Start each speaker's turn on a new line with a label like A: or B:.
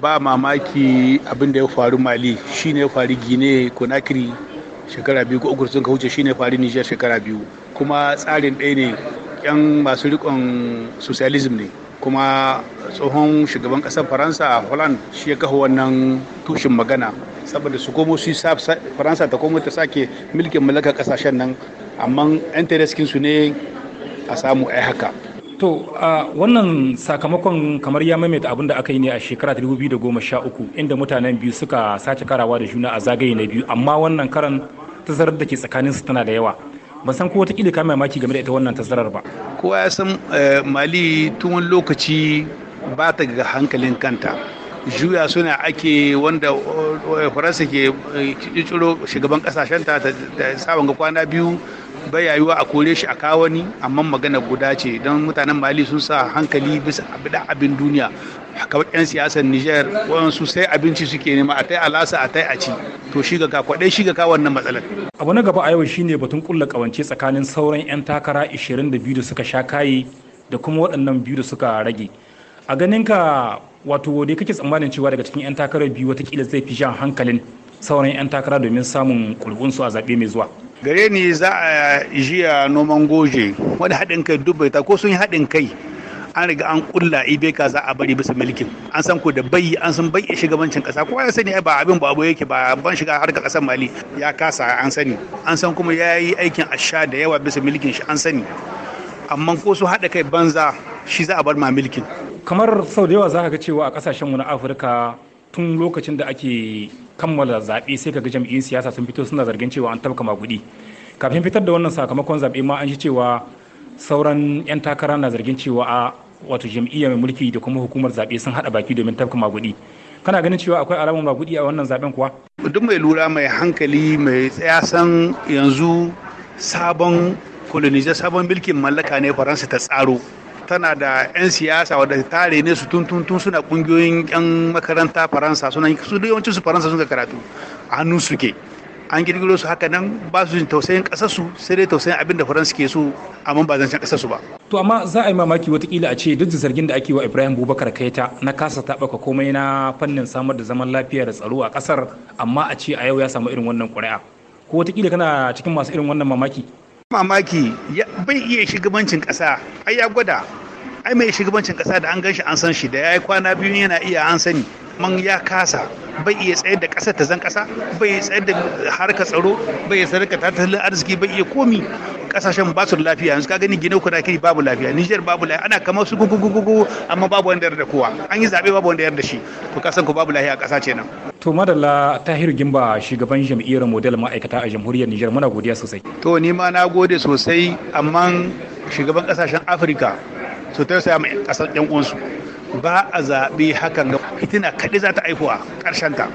A: ba mamaki abin da ya faru mali ne ya faru gine konakiri shekara biyu ko uku sun ka wuce shi ya faru nijar shekara biyu kuma tsarin ɗaya ne yan masu rikon socialism ne kuma tsohon shugaban ƙasar faransa holland shi ya kafa wannan tushen magana saboda su komo su faransa ta komo ta sake milkin mallakar ƙasashen nan amma 'yan su ne a samu
B: ai haka to a wannan sakamakon kamar ya maimaita abin da aka yi ne a shekara 2013 inda mutanen biyu suka sace karawa da juna a zagaye na biyu amma wannan karan tazarar da ke tsakanin su tana da yawa ban san ko kila ka mamaki game da ita wannan tazarar ba kowa ya san mali tun wani lokaci ba ta ga hankalin kanta
A: juya suna ake wanda faransa ke ciciro shugaban kasashen ta sabon ga kwana biyu bai yayuwa a kore shi a kawo amma magana guda ce don mutanen mali sun sa hankali bisa abin duniya kamar 'yan siyasar
B: niger waɗansu sai abinci suke nema a tai alasa a tai a ci to shi ga kakwaɗe shi ga wannan matsalar abu na gaba a yau shine batun kulla kawance tsakanin sauran 'yan takara 22 da suka sha kayi da kuma waɗannan biyu da suka rage a ganin ka wato da kake tsammanin cewa daga cikin 'yan takarar biyu watakila zai fi jan hankalin sauran 'yan takara domin samun kulbunsu a zaɓe mai zuwa
A: gare ni za a jiya noman goje wani haɗin kai dubai ta ko sun yi haɗin kai an riga an kulla ibeka za a bari bisa mulkin an san ko da bai an san bai shugabancin kasa kowa ya sani ba abin ba abu yake ba ban shiga harka kasar mali ya kasa an sani an san kuma ya yi aikin asha da yawa bisa mulkin shi an sani amma
B: ko su haɗa kai banza shi za a bar ma mulkin kamar sau da yawa za ka ga cewa a kasashen mu na afirka tun lokacin da ake kammala zaɓe sai kaga jam'iyyun siyasa sun fito suna zargin cewa an tabka kuɗi kafin fitar da wannan sakamakon zaɓe ma an shi cewa sauran 'yan takara na zargin cewa a wato jam'iyya mai mulki da kuma hukumar zaɓe sun haɗa baki domin tabka kuɗi kana ganin cewa akwai alamar magudi a wannan zaɓen kuwa duk mai lura mai hankali mai
A: tsaya yanzu sabon kolonizai sabon mulkin mallaka ne faransa ta tsaro tana da 'yan siyasa wadda tare ne su tun suna kungiyoyin 'yan makaranta faransa suna yi su yawancin su faransa suka karatu a hannun su ke an girgiro su haka nan ba su jin tausayin kasarsu sai dai tausayin abin da faransa ke so amma ba zancen kasarsu ba
B: to amma za a yi mamaki watakila a ce duk da zargin da ake wa ibrahim bubakar kaita na kasa taɓaka komai na fannin samar da zaman lafiya da tsaro a kasar amma a ce a yau ya samu irin wannan ƙuri'a ko watakila kana cikin masu irin wannan mamaki mamaki bai iya shugabancin ƙasa
A: ai ya gwada ai mai shugabancin ƙasa da an gan shi an san shi da ya yi kwana biyu yana iya an sani man ya kasa bai iya tsayar da kasa ta zan kasa bai iya tsayar da harkar tsaro bai iya tsayar da tattalin arziki bai iya komi kasashen ba su lafiya yanzu ka gani gine kiri babu lafiya nijar babu lafiya ana kamar su gugugugugu amma babu wanda yarda kowa an yi zaɓe babu wanda yarda shi to kasan ku babu lafiya a kasa ce nan.
B: to madalla Tahir gimba shugaban jam'iyyar model ma'aikata a jamhuriyar nijar muna godiya sosai. to ni ma na gode sosai amma shugaban kasashen
A: afirka su ta ma ƙasar 'yan uwansu ba a zaɓe hakan ga fitina kaɗai za ta aihuwa ƙarshen ta.